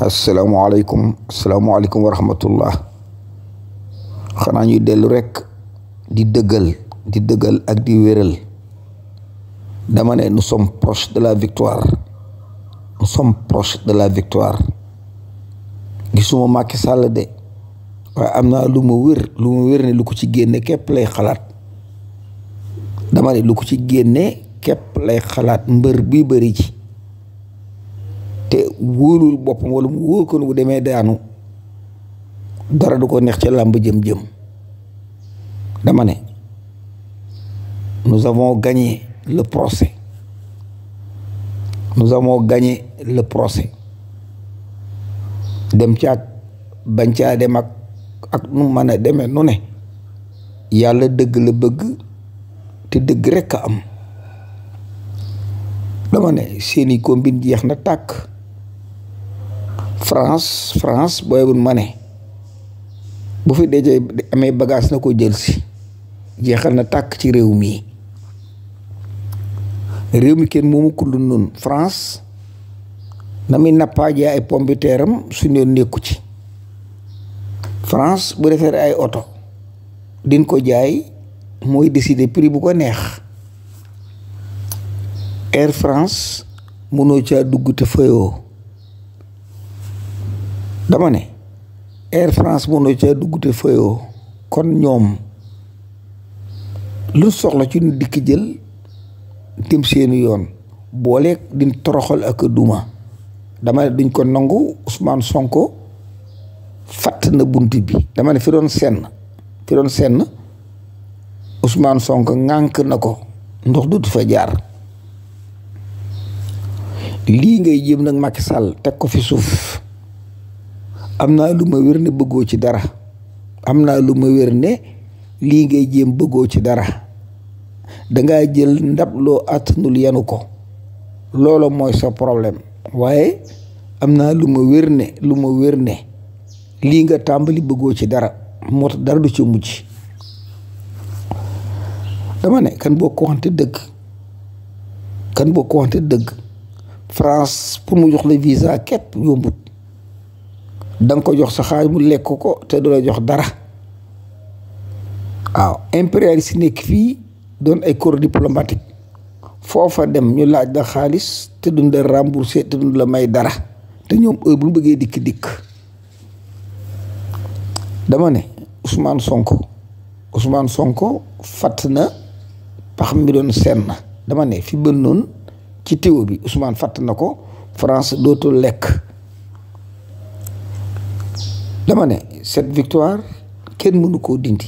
asalaamualeykum asalaamualeykum wa rahmatullah xanaa ñuy dellu rekk di dëggal di dëggal ak di wéral dama ne nous sommes proches de la victoire nous sommes proches de la victoire gisuma Macky Sall de waaye am na lu ma wér lu ma wér ne lu ko ci génne képp lay xalaat dama ne lu ko ci génne képp lay xalaat mbër bi bëri ji te wóolul boppam wala mu wóor ko ne bu demee daanu dara du ko neex ca làmb jëm-jëm damane ne nous avons gagné le procès nous avons gagné le procès dem caag bañ caa dem ak ak nu mën a demee nu ne yàlla dëgg la bëgg te dëgg rekk am dama ne seeni combine jeex na tàkk France France booyagul ma ne bu fi dajee amee bagage na ko jël si jeexal na takk ci réew mi réew mi kenn moomu kullu noonu France na muy nappaajee ay pombiteer am suñu nekku ci France bu defee ay oto din ko jaay mooy décider prix bu ko neex Air France mënoo ca dugg te fayoo. dama ne Air France mënoo ca dugg te fayoo kon ñoom lu soxla ci nu dikk jël tim seeni yoon boole din toroxal ak duma dama ne duñ ko nangu Ousmane Sonko fatt na bunt bi dama ne fi doon senn fi doon senn Ousmane Sonko ŋànk na ko ndox dut fa jaar lii ngay jëm nag Macky Sall teg ko fi suuf am naa lu ma wér ne bëggoo ci dara am naa lu ma wér ne lii ngay jéem bëggoo ci dara dangaa jël ndab loo àttanul yanu ko loola mooy sa problème waaye am naa lu ma wér ne lu ma wér ne lii nga tàmbali bëggoo ci dara moo tax dara du ci mujj dama ne kan boo ko waxante dëgg kan boo ko waxante dëgg France pour mu jox la visa képp yombut danga ko jox sa xaalis mu lekk ko te du la jox dara waaw si nekk fii doon ay corps diplomatique foofa dem ñu laaj la xaalis te duñ la remboursé te duñ la may dara te ñoom heure bu bëggee dikk dikk dama ne Ousmane Sonko Ousmane Sonko fatt na pax mi doon seen na dama ne fi bënnoon ci téwo bi Ousmane fatt na ko France dootul lekk dama ne cette victoire kenn mënu koo dindi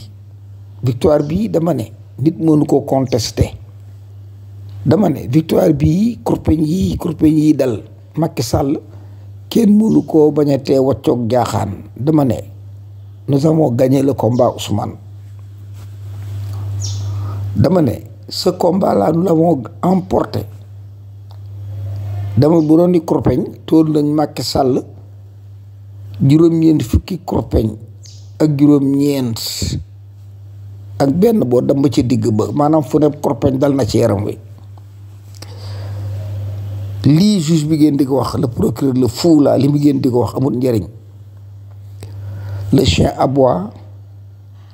victoire bii dama ne nit mënu koo contesté dama ne victoire bii kurpeñ yii kurpeñ yii dal Macky Sall kenn mënu koo bañ a tee waccoog jaaxaan dama ne nous avons gagné le combat Ousmane dama ne ce combat là dama bu doon di kurpeñ tóor nañ Macky Sall juróom-ñeent fukki korpeñ ak juróom-ñeent ak benn boo dem ba ci digg ba maanaam fu ne korpeñ dal na ci yaram wi lii juge bi ngeen di ko wax le procureur le fuula li mu géen di ko wax amul njariñ le chien aboie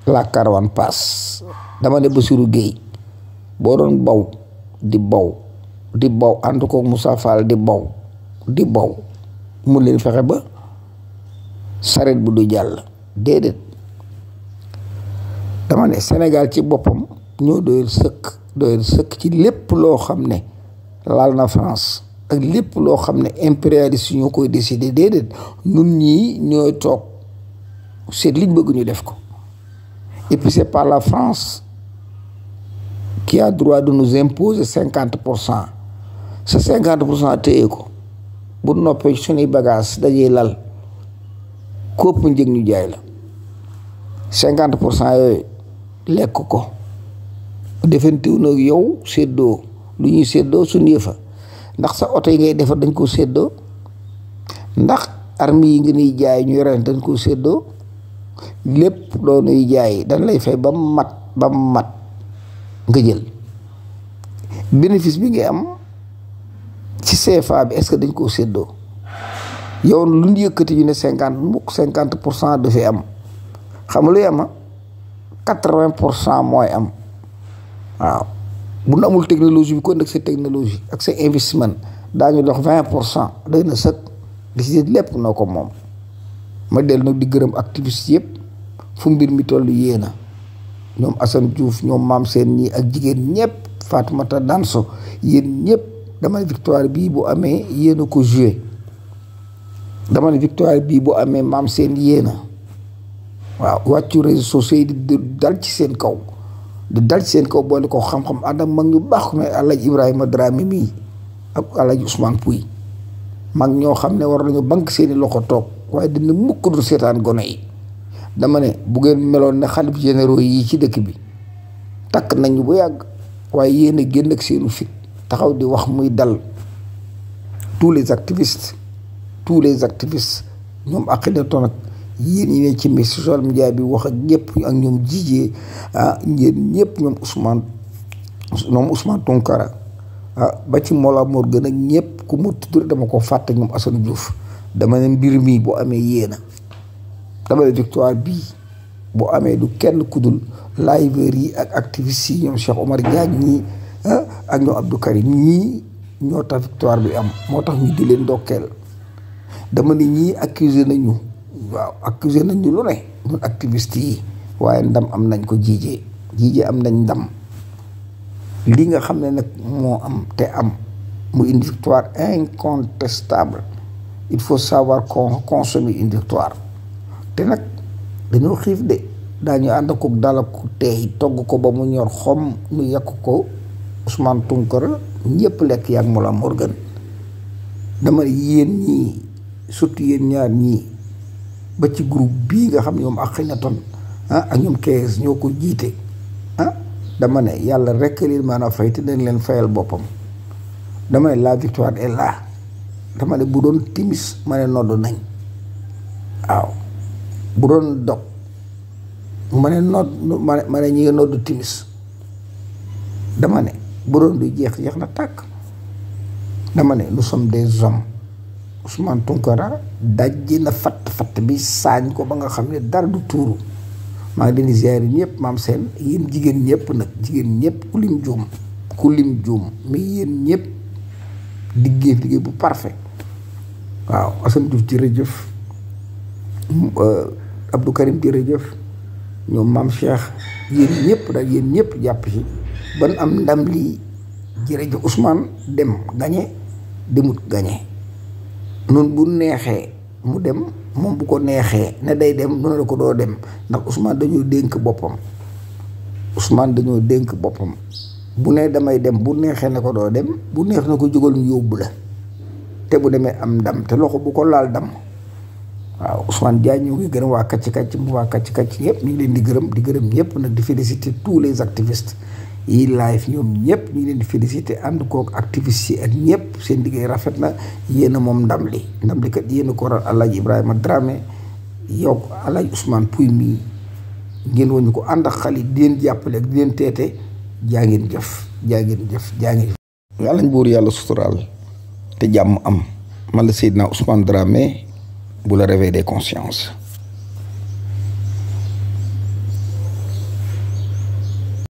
la caravane passe dama ne Bassirou Guèye boo doon baw di baw di baw ànd ko Moussa Fall di baw di baw mu leen fexe ba saret bu du jàll déedéet dama ne Sénégal ci boppam ñoo doyal sëkk doyal sëkk ci lépp loo xam ne laal na France ak lépp loo xam ne impérialiste ñoo koy décider déedéet nun ñii ñooy toog seet liñ bëgg ñu def ko et puis c'est la France qui a droit de nous imposer cinquante pour cent sa cinquante pour cent ko bu noppee suñuy bagage dajee lal kopp njëg ñu jaay la cinquante pour cent yooyu lekk ko defentiw nag yow séddoo lu ñuy séddoo suñ fa ndax sa oto yi ngay defar dañ koo séddoo ndax armes yi nga nuy jaay ñu yore dañ ko séddoo lépp loo nuy jaay dañ lay fay ba mat ba mat nga jël bénéfice bi ngay am ci CFA bi est-ce que dañ koo séddoo yow lu ñu yëkkati ñu ne cinquante mukk cinquante pour cent du fi am xam lu yema ah? quatre-vingt pour cent mooy am waaw bu nu amul technologie bi kon nag sa technologie ak sa investissement daañu dox vingt pour cent day na sëkk di si lépp noo ko moom ma dellu nag di gërëm activiste yëpp fu mbir mi toll yéena ñoom Assane Diouf ñoom maam seen ñii ak jigéen ñëpp Fatoumata so yéen ñëpp damay victoire bii bu amee yéen a ko joué dama ne victoire bii bu amee maam seen yéena waaw wàccu réseaux sociaux yi di dal ci seen kaw di dal ci seen kaw boole ko xam-xam ànd ak mag ñu baax ko mais Alaaji Ibrahima Dramé mii ak Alaaji Ousmane Pouy mag ñoo xam ne war nañu bank seeni loxo toog waaye dina mukk du seetaan gone yi dama ne bu ngeen meloon ne xalif généraux yi ci dëkk bi takk nañu bu yàgg waaye yéen a génn ak seenu fit taxaw di wax muy dal tous les activistes tous les activistes ñoom ak xidatoon ak yéen ñi ne ci mi social media bi wax ak ñëpp ak ñoom jijee ah ñëpp ñoom Ousmane ñoom Ousmane Tounkara ah, ba ci Mola Morgan ak ñëpp ku mu tudd dama ko fàtte ñoom Assane Diouf dama ne mbir mii bu amee yéena dama ne victoire bi bu amee du kenn kudul liveurs yi ak activistes yi ñoom Cheikh Omar Diagne ñii ah, ak ñoom Abdou Karim ñii ñoo tax victoire bi am moo tax ñu di leen ndokkeel dama ni ñii accusé nañu waaw accusé nañu lu ne ñun activiste yi waaye ndam am nañ ko jiijee jiijee am nañ ndam li nga xam ne nag moo am te am mu une victoire incontestable il faut savoir con consommer une victoire te nag dañoo xiif de daañu ànd ak dal ak teey togg ko ba mu ñor xom ñu yàq ko Ousmane Tounkara ñëpp lekk yàgg mu la Morgan dama yéen ñii surtout yéen ñaar ñii ba ci groupe bii nga xam ne ñoom ak na ton ah, ak ñoom kees ñoo ko jiite ah dama ne yàlla rek leen maanaam fay te dañ leen fayal boppam dama ne la victoire est là dama ne bu doon timis ma ne nodd nañ waaw bu doon dog ma ne nodd ma ne ñi nodd timis dama ne bu doon du jeex jeex na tàkk dama ne lu sommes des hommes. Ousmane Tounkara dajji na fatt fatt bi saañ ko ba nga xam ne dara du tuuru maa ngi leen di ñëpp maam seen yéen jigéen ñëpp nag jigéen ñépp ku lim juum ku juum mais yéen ñëpp liggéey bu parfait waaw Assane Diouf jërëjëf euh, ñoom maam Cheikh ñëpp daal yéen ñëpp jàpp ci ban am ndam li jërëjëf Ousmane dem gañe demut gañe noonu bu neexee mu dem moom bu ko neexee ne day dem nu ne ko doo dem ndax Ousmane dañoo dénk boppam Ousmane dañoo dénk boppam bu ne damay dem bu neexee ne ko doo dem bu neex na ko jógal yóbbu la te bu demee am ndam te loxo bu ko laal dam waaw Ousmane Diagne ñëw ngi gërëm waa kàcc kàcc mu waa kàcc kàcc yëpp ñu leen di gërëm di gërëm ñëpp nag di féliciter tous les activistes yi live ñoom ñëpp ñu leen di félicité ànd kook activiste yi ak ñëpp seen liggéey rafet na yéen a moom ndam li ndam li kat yéen a ko waral Alaaji Ibrahima Dramé yow Alaaji Ousmane Pouy mii ngeen woñu ko ànd ak xale di leen jàppale ak di leen teete jaa ngeen jëf jaa ngeen jëf jaa ngeen jëf yàlla ñu buur yàlla suturaal te jàmm am man la Seydina Ousmane Dramé bu la réveil de consciences